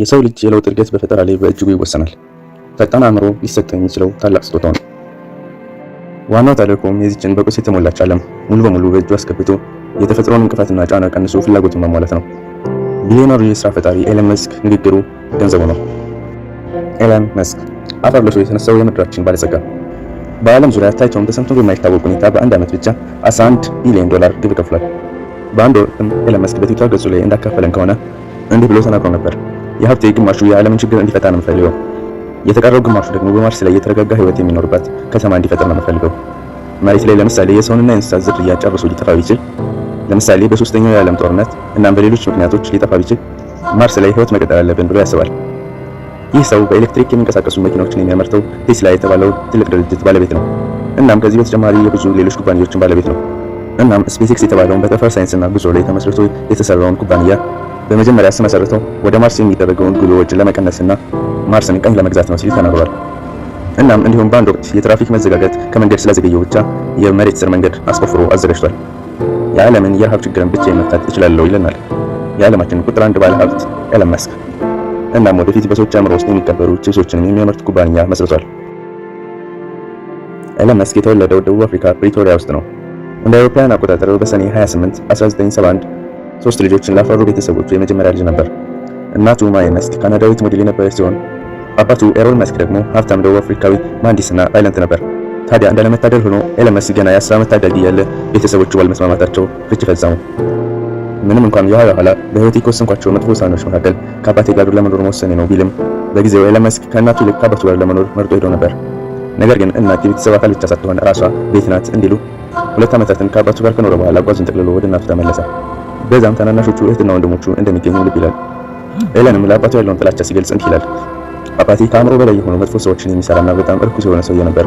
የሰው ልጅ የለውጥ እድገት በፈጠራ ላይ በእጅጉ ይወሰናል። ፈጣን አእምሮ ሊሰጠን የሚችለው ታላቅ ስጦታ ነው። ዋናው ተልዕኮም የዚችን በቁስ የተሞላች ዓለም ሙሉ በሙሉ በእጁ አስገብቶ የተፈጥሮን እንቅፋትና ጫና ቀንሶ ፍላጎትን መሟላት ነው። ቢሊዮነሩ የስራ ፈጣሪ ኤለን መስክ ንግግሩ ገንዘቡ ነው። ኤለን መስክ አፈር ለብሶ የተነሳው የምድራችን ባለጸጋ በዓለም ዙሪያ ታይቶም ተሰምቶ በማይታወቅ ሁኔታ በአንድ ዓመት ብቻ 11 ሚሊዮን ዶላር ግብር ከፍሏል። በአንድ ወቅትም ኤለን መስክ በትዊተር ገጹ ላይ እንዳካፈለን ከሆነ እንዲህ ብሎ ተናግሮ ነበር። የሀብቴ ግማሹ የዓለምን ችግር እንዲፈታ ነው የምፈልገው። የተቀረው ግማሹ ደግሞ በማርስ ላይ የተረጋጋ ህይወት የሚኖርባት ከተማ እንዲፈጠር ነው የምፈልገው። መሬት ላይ ለምሳሌ የሰውንና የእንስሳት ዝርያ ጨርሶ ሊጠፋ ቢችል፣ ለምሳሌ በሶስተኛው የዓለም ጦርነት እናም በሌሎች ምክንያቶች ሊጠፋ ቢችል ማርስ ላይ ህይወት መቀጠል አለብን ብሎ ያስባል። ይህ ሰው በኤሌክትሪክ የሚንቀሳቀሱ መኪናዎችን የሚያመርተው ቴስላ የተባለው ትልቅ ድርጅት ባለቤት ነው። እናም ከዚህ በተጨማሪ የብዙ ሌሎች ኩባንያዎችን ባለቤት ነው። እናም ስፔስኤክስ የተባለውን በጠፈር ሳይንስና ጉዞ ላይ ተመስርቶ የተሰራውን ኩባንያ በመጀመሪያ ስመሰርተው ወደ ማርስ የሚደረገውን ጉዞ ወጪ ለመቀነስና ማርስን ቀኝ ለመግዛት ነው ሲል ተናግሯል። እናም እንዲሁም በአንድ ወቅት የትራፊክ መዘጋጋት ከመንገድ ስላዘገየው ብቻ የመሬት ስር መንገድ አስቆፍሮ አዘጋጅቷል። የዓለምን የረሃብ ችግርን ብቻ መፍታት እችላለሁ ይለናል የዓለማችን ቁጥር አንድ ባለ ሀብት ኤለን መስክ። እናም ወደፊት በሰዎች አእምሮ ውስጥ የሚቀበሩ ቺፕሶችንም የሚያመርት ኩባንያ መስርቷል። ኤለን መስክ የተወለደው ደቡብ አፍሪካ ፕሪቶሪያ ውስጥ ነው። እንደ አውሮፓውያን አቆጣጠር በሰኔ 28 1971 ሶስት ልጆችን ላፈሩ ቤተሰቦቹ የመጀመሪያ ልጅ ነበር። እናቱ ማይ መስክ ካናዳዊት ሞዴል የነበረች ሲሆን አባቱ ኤሮል መስክ ደግሞ ሀብታም ደቡብ አፍሪካዊ መሀንዲስና አይለንት ነበር። ታዲያ እንዳለመታደል ሆኖ ኤለን መስክ ገና የ10 ዓመት ታዳጊ ያለ ቤተሰቦቹ ባለመስማማታቸው ፍች ፈጸሙ። ምንም እንኳን የኋላ ኋላ በህይወቴ ከወሰንኳቸው መጥፎ ውሳኔዎች መካከል ከአባቴ ጋር ለመኖር መወሰኔ ነው ቢልም በጊዜው ኤለን መስክ ከእናቱ ይልቅ ከአባቱ ጋር ለመኖር መርጦ ሄዶ ነበር። ነገር ግን እናት የቤተሰብ አካል ብቻ ሳትሆን ራሷ ቤት ናት እንዲሉ ሁለት ዓመታትን ከአባቱ ጋር ከኖረ በኋላ ጓዙን ጠቅልሎ ወደ እናቱ ተመለሰ። በዛም ታናናሾቹ እህትና ወንድሞቹ እንደሚገኙ ልብ ይላል። ኤለንም ለአባቱ ያለውን ጥላቻ ሲገልጽ እንዲህ ይላል። አባቴ ከአእምሮ በላይ የሆኑ መጥፎ ሰዎችን የሚሰራና በጣም እርኩስ የሆነ ሰውዬ ነበር።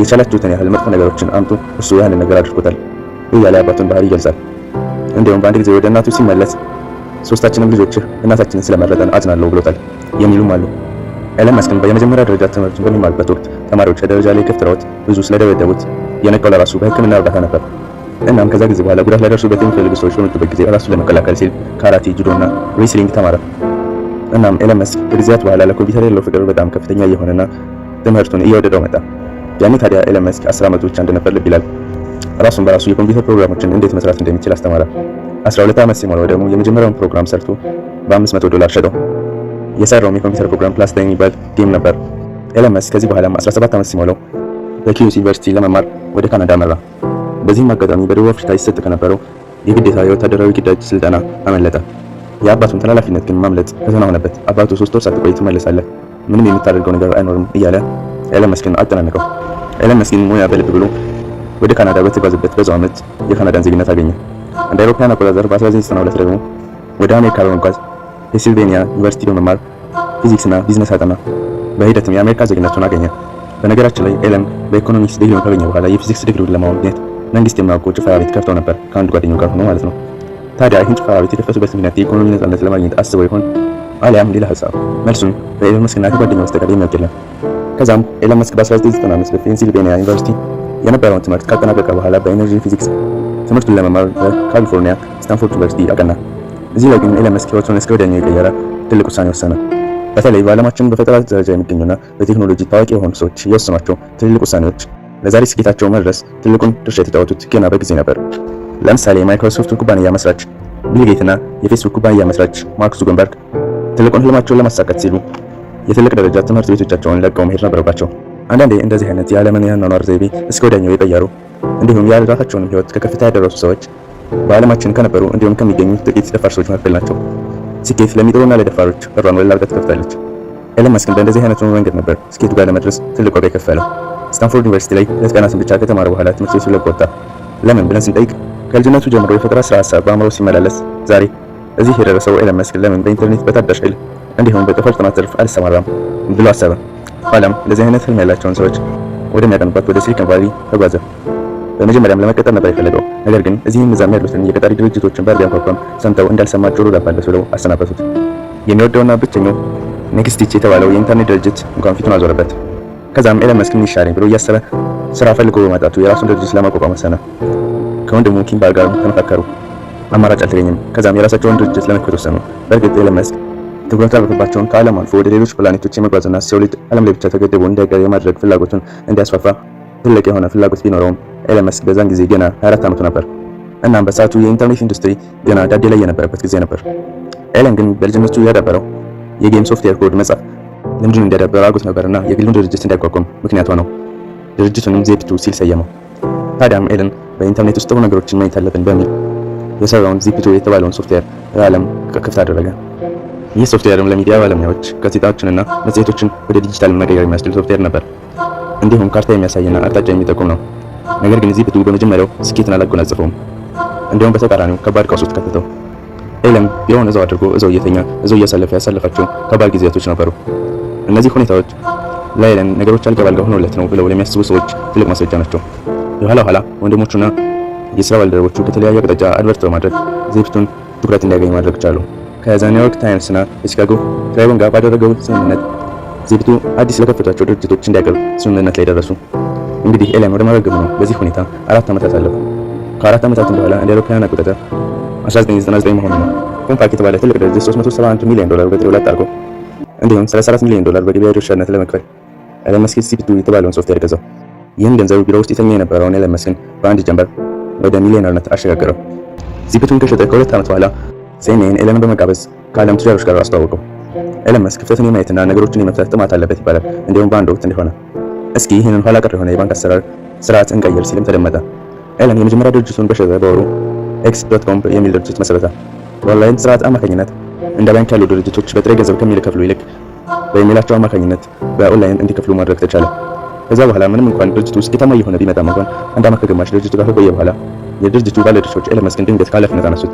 የቻላችሁትን ያህል መጥፎ ነገሮችን አምጡ፣ እሱ ያንን ነገር አድርጎታል እያለ አባቱን ባህሪ ይገልጻል። እንዲያውም በአንድ ጊዜ ወደ እናቱ ሲመለስ ሶስታችንም ልጆችህ እናታችንን ስለመረጠን አዝናለሁ ብሎታል የሚሉም አሉ። ኤለን መስክም በየመጀመሪያ ደረጃ ትምህርቱን በሚማርበት ወቅት ተማሪዎች ደረጃ ላይ ከፍትረውት ብዙ ስለደበደቡት የነቀው ለራሱ በሕክምና እርዳታ ነበር። እናም ከዛ ጊዜ በኋላ ጉዳት ሊያደርሱበት የሚፈልጉ ሰዎች በመጡበት ጊዜ ራሱን ለመከላከል ሲል ካራቴ፣ ጁዶ እና ሬስሊንግ ተማረ። እናም ኤለን መስክ ከጊዜያት በኋላ ለኮምፒውተር ያለው ፍቅር በጣም ከፍተኛ እየሆነና ትምህርቱን እየወደደው መጣ። ያኔ ታዲያ ኤለን መስክ 10 ዓመቱ ብቻ እንደነበር ልብ ይላል። ራሱን በራሱ የኮምፒውተር ፕሮግራሞችን እንዴት መስራት እንደሚችል አስተማረ። 12 ዓመት ሲሞላው ደግሞ የመጀመሪያውን ፕሮግራም ሰርቶ በ500 ዶላር ሸጠው። የሰራውም የኮምፒውተር ፕሮግራም ፕላስታ የሚባል ጌም ነበር። ኤለመስ ከዚህ በኋላም 17 ዓመት ሲሞላው በኪዩስ ዩኒቨርሲቲ ለመማር ወደ ካናዳ መራ በዚህም አጋጣሚ በደቡብ አፍሪካ ይሰጥ ከነበረው የግዴታ የወታደራዊ ግዳጅ ስልጠና አመለጠ። የአባቱን ተላላፊነት ግን ማምለጥ ፈተና ሆነበት። አባቱ ሶስት ወር ሳትቆይ ትመለሳለህ፣ ምንም የምታደርገው ነገር አይኖርም እያለ ኤለመስ ግን አጠናነቀው። ኤለመስ ግን ሙያ በልብ ብሎ ወደ ካናዳ በተጓዘበት በዛው ዓመት የካናዳን ዜግነት አገኘ። እንደ አውሮፓውያን አቆጣጠር በ1992 ደግሞ ወደ አሜሪካ በመጓዝ ፔንሲልቬኒያ ዩኒቨርሲቲ በመማር ፊዚክስና ቢዝነስ አጠና። በሂደትም የአሜሪካ ዜግነቱን አገኘ። በነገራችን ላይ ኤለን በኢኮኖሚክስ ዲግሪ ካገኘ በኋላ የፊዚክስ ዲግሪውን ለማግኘት መንግስት የሚያውቀው ጭፈራ ቤት ከፍተው ነበር ከአንድ ጓደኛው ጋር ሆኖ ማለት ነው። ታዲያ ይህን ጭፈራ ቤት የከፈቱበት ምክንያት የኢኮኖሚ ነጻነት ለማግኘት አስበው ይሆን አሊያም ሌላ ሀሳብ? መልሱን በኤለን መስክና ከጓደኛው በስተቀር የሚያውቅ የለም። ከዛም ኤለን መስክ በ1995 በፔንሲልቬኒያ ዩኒቨርሲቲ የነበረውን ትምህርት ካጠናቀቀ በኋላ በኢነርጂ ፊዚክስ ትምህርቱን ለመማር በካሊፎርኒያ ስታንፎርድ ዩኒቨርሲቲ አቀና። እዚህ ላይ ግን ኤለን መስክ ሕይወቱን እስከ ወዲያኛው የቀየረ ትልቅ ውሳኔ ወሰነ። በተለይ በዓለማችን በፈጠራ ደረጃ የሚገኙና በቴክኖሎጂ ታዋቂ የሆኑ ሰዎች የወሰኗቸው ትልልቅ ውሳኔዎች ለዛሬ ስኬታቸው መድረስ ትልቁን ድርሻ የተጫወቱት ገና በጊዜ ነበር። ለምሳሌ የማይክሮሶፍት ኩባንያ መስራች ቢል ጌትና የፌስቡክ ኩባንያ መስራች ማርክ ዙከንበርግ ትልቁን ህልማቸውን ለማሳካት ሲሉ የትልቅ ደረጃ ትምህርት ቤቶቻቸውን ለቀው መሄድ ነበረባቸው። አንዳንዴ እንደዚህ አይነት የዓለምን የአኗኗር ዘይቤ እስከ ወዲያኛው የቀየሩ እንዲሁም የራሳቸውንም ህይወት ከከፍታ ያደረሱ ሰዎች በዓለማችን ከነበሩ እንዲሁም ከሚገኙ ጥቂት ደፋር ሰዎች መካከል ናቸው። ስኬት ለሚጥሩና ለደፋሮች በሯን ወደ ላርጋ ትከፍታለች። ኤለን መስክ በእንደዚህ አይነቱ መንገድ ነበር ስኬቱ ጋር ለመድረስ ትልቅ ዋጋ የከፈለው። ስታንፎርድ ዩኒቨርሲቲ ላይ ሁለት ብቻ ከተማረ በኋላ ትምህርት ቤቱ ለቆ ወጣ። ለምን ብለን ስንጠይቅ ከልጅነቱ ጀምሮ የፈጠራ ስራ ሀሳብ በአእምሮ ሲመላለስ ዛሬ እዚህ የደረሰው ኤለን መስክ ለምን በኢንተርኔት በታዳሽ ኃይል እንዲሁም በጠፈር ጥናት ዘርፍ አልሰማራም ብሎ አሰበ። ኋላም እንደዚህ አይነት ህልም ያላቸውን ሰዎች ወደሚያጠኑባት ወደ ሲሊከን ቫሊ ተጓዘ። በመጀመሪያም ለመቀጠር ነበር የፈለገው። ነገር ግን እዚህም እዛም ያሉትን የቀጣሪ ድርጅቶችን በር ቢያንኳኳም ሰምተው እንዳልሰማ ጆሮ ዳባለስ ብለው አሰናበቱት። የሚወደውና ብቸኛው ኔክስት የተባለው የኢንተርኔት ድርጅት እንኳን ፊቱን አዞረበት። ከዛም ኤለን መስክ ምን ይሻለኝ ብሎ እያሰበ ስራ ፈልጎ በማጣቱ የራሱን ድርጅት ለማቋቋም ወሰነ። ከወንድሙ ኪምባል ጋር ተመካከሩ፣ አማራጭ አልተገኘም። ከዛም የራሳቸውን ድርጅት ለመክፈት ወሰኑ። በእርግጥ ኤለን መስክ ትኩረት አድርጎባቸውን ከዓለም አልፎ ወደ ሌሎች ፕላኔቶች የመጓዝና ሰው ልጅ ዓለም ላይ ብቻ ተገድቦ እንዳይቀር የማድረግ ፍላጎቱን እንዲያስፋፋ ትልቅ የሆነ ፍላጎት ቢኖረውም ኤለን መስክ በዛን ጊዜ ገና 24 ዓመቱ ነበር። እናም በሰዓቱ የኢንተርኔት ኢንዱስትሪ ገና ዳዴ ላይ የነበረበት ጊዜ ነበር። ኤለን ግን በልጅነቱ ያዳበረው የጌም ሶፍትዌር ኮድ መጻፍ ልምዱን እንዲያዳበረው አድርጎት ነበርና የግሉን ድርጅት እንዲያቋቁም ምክንያት ሆነው ድርጅቱንም ዜፕቱ ሲል ሰየመው። ታዲያም ኤለን በኢንተርኔት ውስጥ ጥሩ ነገሮችን ማየት አለብን በሚል የሰራውን ዚፕቱ የተባለውን ሶፍትዌር ለዓለም ክፍት አደረገ። ይህ ሶፍትዌርም ለሚዲያ ባለሙያዎች ጋዜጣዎችንና መጽሔቶችን ወደ ዲጂታል መቀየር የሚያስችል ሶፍትዌር ነበር። እንዲሁም ካርታ የሚያሳይና አቅጣጫ የሚጠቁም ነው። ነገር ግን እዚህ ብቱ በመጀመሪያው ስኬትን አላጎናጽፈውም። እንዲሁም በተቃራኒው ከባድ ቀውስ ውስጥ ከተተው። ኤለም የሆነ እዛው አድርጎ እዛው እየተኛ እዛው እያሳለፈ ያሳለፋቸው ከባድ ጊዜያቶች ነበሩ። እነዚህ ሁኔታዎች ላይለን ነገሮች አልጋ ባልጋ ሆኖለት ነው ብለው ለሚያስቡ ሰዎች ትልቅ ማስረጃ ናቸው። የኋላ ኋላ ወንድሞቹና የስራ ባልደረቦቹ ከተለያዩ አቅጣጫ አድቨርት በማድረግ ዘይብቱን ትኩረት እንዲያገኝ ማድረግ ቻሉ። ከዛኒውዮርክ ታይምስ እና ከቺካጎ ክራይቦን ጋር ባደረገው ስምምነት ዝብቱ አዲስ ለከፈቷቸው ድርጅቶች እንዲያቀርብ ስምምነት ላይ ደረሱ። እንግዲህ ኤልያን ወደ ማገገሙ ነው። በዚህ ሁኔታ አራት ዓመታት አለፉ። ከአራት ዓመታትም በኋላ እንደ አውሮፓውያን አቆጣጠር 1999 መሆኑ ነው። ኮምፓክ የተባለ ትልቅ ድርጅት 371 ሚሊዮን ዶላር በጥሬው ላይ አጣርጎ እንዲሁም 34 ሚሊዮን ዶላር በገበያ ድርሻነት ለመክፈል ኤለን መስክ ዜብቱ የተባለውን ሶፍትዌር ገዛው። ይህም ገንዘብ ቢሮ ውስጥ የተኛ የነበረውን ኤለን መስክን በአንድ ጀንበር ወደ ሚሊዮነርነት አሸጋገረው። ዜብቱን ከሸጠ ከሁለት ዓመት በኋላ ሲኤንኤን ኤለን በመቃበስ ከዓለም ተጃሮች ጋር አስተዋወቀው። ኤለን መስክ ክፍተትን የማየትና ነገሮችን የመፍታት ጥማት አለበት ይባላል። እንዲሁም በአንድ ወቅት እንደሆነ እስኪ ይህንን ኋላ ቀር የሆነ የባንክ አሰራር ስርዓት እንቀይር ሲልም ተደመጠ። ኤለን የመጀመሪያ ድርጅቱን በሸጠ በወሩ ኤክስ ዶት ኮም የሚል ድርጅት መሰረተ። በኦንላይን ስርዓት አማካኝነት እንደ ባንክ ያሉ ድርጅቶች በጥሬ ገንዘብ ከሚከፍሉ ይልቅ በኢሜይላቸው አማካኝነት በኦንላይን እንዲከፍሉ ማድረግ ተቻለ። ከዛ በኋላ ምንም እንኳን ድርጅቱ ስኬታማ እየሆነ ቢመጣም እንኳን አንድ አመት ከግማሽ ድርጅቱ ጋር ከቆየ በኋላ የድርጅቱ ባለድርሻዎች ኤለን መስክን ድንገት ከኃላፊነት አነሱት።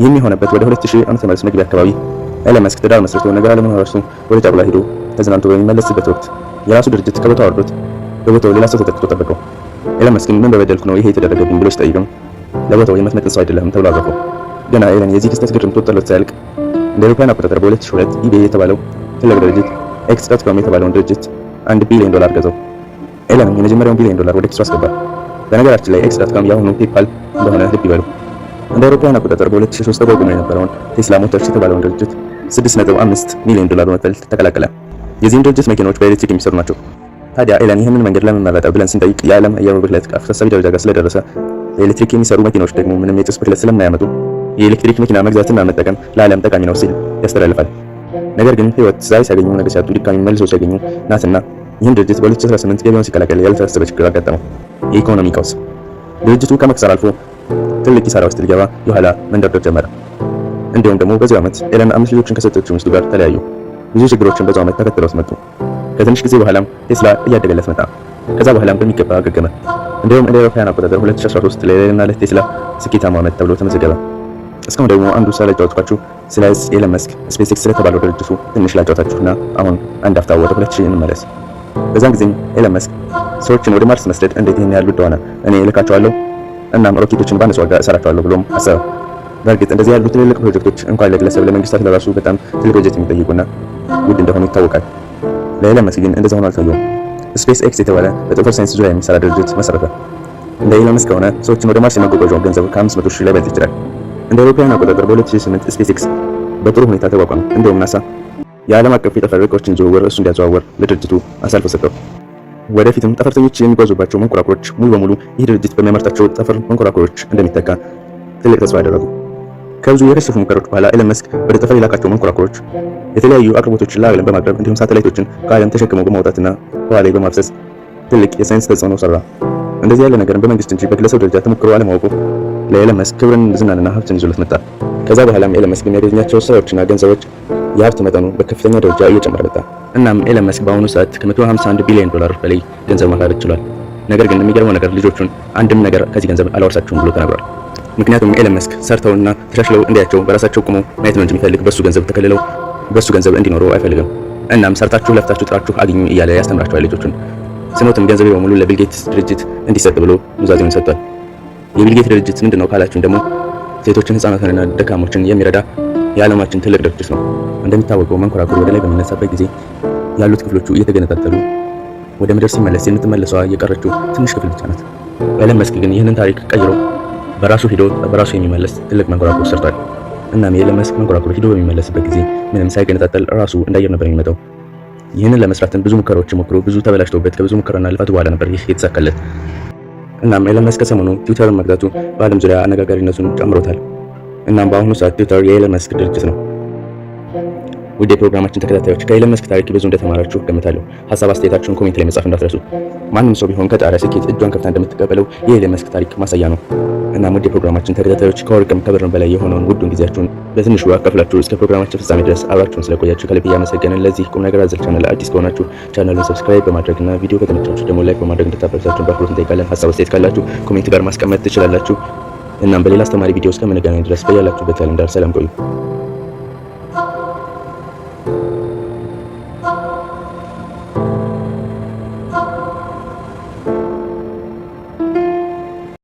የሆነበት ወደ 2000 ዓመተ ምህረት መግቢያ አካባቢ ኤለን መስክ ትዳር መስርቶ ነገር አለመኖር እራሱ ወደ ጫጉላ ሄዶ ተዝናንቶ በሚመለስበት ወቅት የራሱ ድርጅት ከቦታው አውርዶት በቦታው ሌላ ሰው ተተክቶ ጠበቀው። ኤለን መስክን ምን በበደልኩ ነው ይሄ የተደረገብኝ ብሎ ሲጠይቀው ለቦታው የምትመጥን ሰው አይደለም ተብሎ አረፈው። ገና ኤለን የዚህ ክስተት ግርምት ተጠሎት ሳያልቅ እንደ አውሮፓውያን አቆጣጠር በ2002 ኢቤይ የተባለው ትልቅ ድርጅት ኤክስ ዶት ኮም የተባለውን ድርጅት አንድ ቢሊዮን ዶላር ገዛው። ኤለንም የመጀመሪያውን ቢሊዮን ዶላር ወደ ኪሱ አስገባ። በነገራችን ላይ ኤክስ ዶት ኮም ያሁኑ ፔፓል እንደሆነ ልብ ይበሉ። እንደ አውሮፓውያን አቆጣጠር በ2003 ተቋቁሞ የነበረውን ቴስላ ሞተርስ የተባለውን ድርጅት 6.5 ሚሊዮን ዶላር በመክፈል ተቀላቀለ። የዚህም ድርጅት መኪናዎች በኤሌክትሪክ የሚሰሩ ናቸው። ታዲያ ኤለን ይህንን መንገድ ለምን መረጠ ብለን ስንጠይቅ የዓለም አየር ብክለት አሳሳቢ ደረጃ ጋር ስለደረሰ በኤሌክትሪክ የሚሰሩ መኪናዎች ደግሞ ምንም የጭስ ብክለት ስለማያመጡ የኤሌክትሪክ መኪና መግዛትና መጠቀም ለዓለም ጠቃሚ ነው ሲል ያስተላልፋል። ነገር ግን ህይወት ዛሬ ሲያገኙ ነገ ሲያጡ ድካሚ መልሶ ሲያገኙ ናትና ይህም ድርጅት በ2018 ገቢውን ሲቀላቀል ያልተሰበ ችግር አጋጠመው፣ የኢኮኖሚ ቀውስ። ድርጅቱ ከመክሰር አልፎ ትልቅ ኪሳራ ውስጥ ሊገባ የኋላ መንደርደር ጀመረ። እንዲሁም ደግሞ በዚህ ዓመት ኤለን አምስት ልጆችን ከሰጠችው ሚስቱ ጋር ተለያዩ። ብዙ ችግሮችን በዛው ዓመት ተከትለውት መጡ። ከትንሽ ጊዜ በኋላም ቴስላ እያደገለት መጣ። ከዛ በኋላም በሚገባ አገገመ። እንዲሁም እንደ አውሮፓውያን አቆጣጠር 2013 ለኤለንና ለቴስላ ስኬታማ ዓመት ተብሎ ተመዘገበ። እስካሁን ደግሞ አንዱ ሳላጫወትኳችሁ ስለ ኤለን መስክ ስፔስክስ ኤክስ ስለተባለው ድርጅቱ ትንሽ ላጫወታችሁና አሁን አንድ አፍታ ወደ 2000 እንመለስ። በዛን ጊዜም ኤለን መስክ ሰዎችን ወደ ማርስ መስደድ እንዴት ይሄን ያሉ እንደሆነ እኔ እልካቸዋለሁ እናም ሮኬቶችን ባነሰ ዋጋ እሰራቸዋለሁ ብሎም አሰበ። በእርግጥ እንደዚህ ያሉ ትልልቅ ፕሮጀክቶች እንኳን ለግለሰብ ለመንግስታት ለራሱ በጣም ትልቅ በጀት የሚጠይቁና ውድ እንደሆኑ ይታወቃል። ለኤለን መስክ ግን እንደዛ ሆኖ አልታየውም። ስፔስ ኤክስ የተባለ በጠፈር ሳይንስ ዙሪያ የሚሰራ ድርጅት መሰረተ። እንደ ኤለን መስክ ከሆነ ሰዎችን ወደ ማርስ የማጓጓዣው ገንዘብ ከ500 ሺህ ላይ በልጥ ይችላል። እንደ አውሮፓውያን አቆጣጠር በ2008 ስፔስ ኤክስ በጥሩ ሁኔታ ተቋቋመ። እንደውም ናሳ የዓለም አቀፍ የጠፈር ዕቃዎችን ዝውውር እሱ እንዲያዘዋወር ለድርጅቱ አሳልፎ ሰጠው። ወደፊትም ጠፈርተኞች የሚጓዙባቸው መንኮራኩሮች ሙሉ በሙሉ ይህ ድርጅት በሚያመርታቸው ጠፈር መንኮራኩሮች እንደሚተካ ትልቅ ተስፋ ያደረጉ። ከብዙ የከሸፉ ሙከራዎች በኋላ ኤለን መስክ ወደ ጠፈር የላካቸው መንኮራኩሮች የተለያዩ አቅርቦቶችን ለዓለም በማቅረብ እንዲሁም ሳተላይቶችን ከዓለም ተሸክመው በማውጣትና ህዋ ላይ በማፍሰስ ትልቅ የሳይንስ ተጽዕኖ ሰራ። እንደዚህ ያለ ነገርን በመንግስት እንጂ በግለሰብ ደረጃ ተሞክሮ አለማወቁ ለኤለን መስክ ክብርን፣ ዝናንና ሀብትን ይዞለት መጣ። ከዛ በኋላም ኤለን መስክ የሚያገኛቸው ስራዎችና ገንዘቦች የሀብት መጠኑ በከፍተኛ ደረጃ እየጨመረ መጣ። እናም ኤለን መስክ በአሁኑ ሰዓት ከ151 ቢሊዮን ዶላር በላይ ገንዘብ ማካበት ችሏል። ነገር ግን የሚገርመው ነገር ልጆቹን አንድም ነገር ከዚህ ገንዘብ አላወርሳችሁም ብሎ ተናግሯል። ምክንያቱም ኤለን መስክ ሰርተውና ተሻሽለው እንዲያቸው በራሳቸው ቆመው ማየት ነው እንጂ የሚፈልግ በሱ ገንዘብ ተከልለው በሱ ገንዘብ እንዲኖሩ አይፈልግም። እናም ሰርታችሁ ለፍታችሁ ጥራችሁ አግኙ እያለ ያስተምራቸዋል ልጆቹን። ስሞትም ገንዘብ በሙሉ ለቢልጌት ድርጅት እንዲሰጥ ብሎ ኑዛዜውን ሰጥቷል። የቢልጌት ድርጅት ምንድነው ካላችሁ ደግሞ ሴቶችን ህፃናትንና ደካሞችን የሚረዳ የዓለማችን ትልቅ ድርጅት ነው። እንደሚታወቀው መንኮራኩር ወደ ላይ በሚነሳበት ጊዜ ያሉት ክፍሎቹ እየተገነጣጠሉ ወደ ምድር ሲመለስ የምትመለሰዋ የቀረችው ትንሽ ክፍል ብቻ ናት። ኤለን መስክ ግን ይህንን ታሪክ ቀይሮ በራሱ ሂዶ በራሱ የሚመለስ ትልቅ መንኮራኩር ሰርቷል። እናም የኤለን መስክ መንኮራኩር ሂዶ በሚመለስበት ጊዜ ምንም ሳይገነጣጠል ራሱ እንዳየር ነበር የሚመጣው። ይህንን ለመስራትን ብዙ ሙከራዎች ሞክሮ ብዙ ተበላሽተውበት ከብዙ ሙከራና ልፋት በኋላ ነበር ይህ የተሳካለት። እናም ኤለን መስክ ከሰሞኑ ትዊተርን መግዛቱ በዓለም ዙሪያ አነጋጋሪነቱን ጨምሮታል። እናም በአሁኑ ሰዓት ትዊተር የኤለን መስክ ድርጅት ነው። ውድ የፕሮግራማችን ተከታታዮች ከኤለን መስክ ታሪክ ብዙ እንደተማራችሁ ገምታለሁ። ሀሳብ አስተያየታችሁን ኮሜንት ላይ መጻፍ እንዳትረሱ። ማንም ሰው ቢሆን ከጣሪያ ስኬት እጇን ከፍታ እንደምትቀበለው የኤለን መስክ ታሪክ ማሳያ ነው። እናም ውድ የፕሮግራማችን ተከታታዮች ከወርቅም ከብርም በላይ የሆነውን ውዱን ጊዜያችሁን በትንሹ አካፍላችሁ እስከ ፕሮግራማችን ፍጻሜ ድረስ አብራችሁን ስለቆያችሁ ከልብ እያመሰገንን ለዚህ ቁም ነገር አዘል ቻናል አዲስ ከሆናችሁ ቻናሉን ሰብስክራይብ በማድረግና ቪዲዮ ከተመቻችሁ ደግሞ ላይክ በማድረግ እንድታበረታችሁን በአክብሮት እንጠይቃለን። ሀሳብ አስተያየት ካላችሁ ኮሜንት ጋር ማስቀመጥ ትችላላችሁ። እናም በሌላ አስተማሪ ቪዲዮ እስከምንገናኝ ድረስ በያላችሁበት ያለም ዳር ሰላም ቆዩ።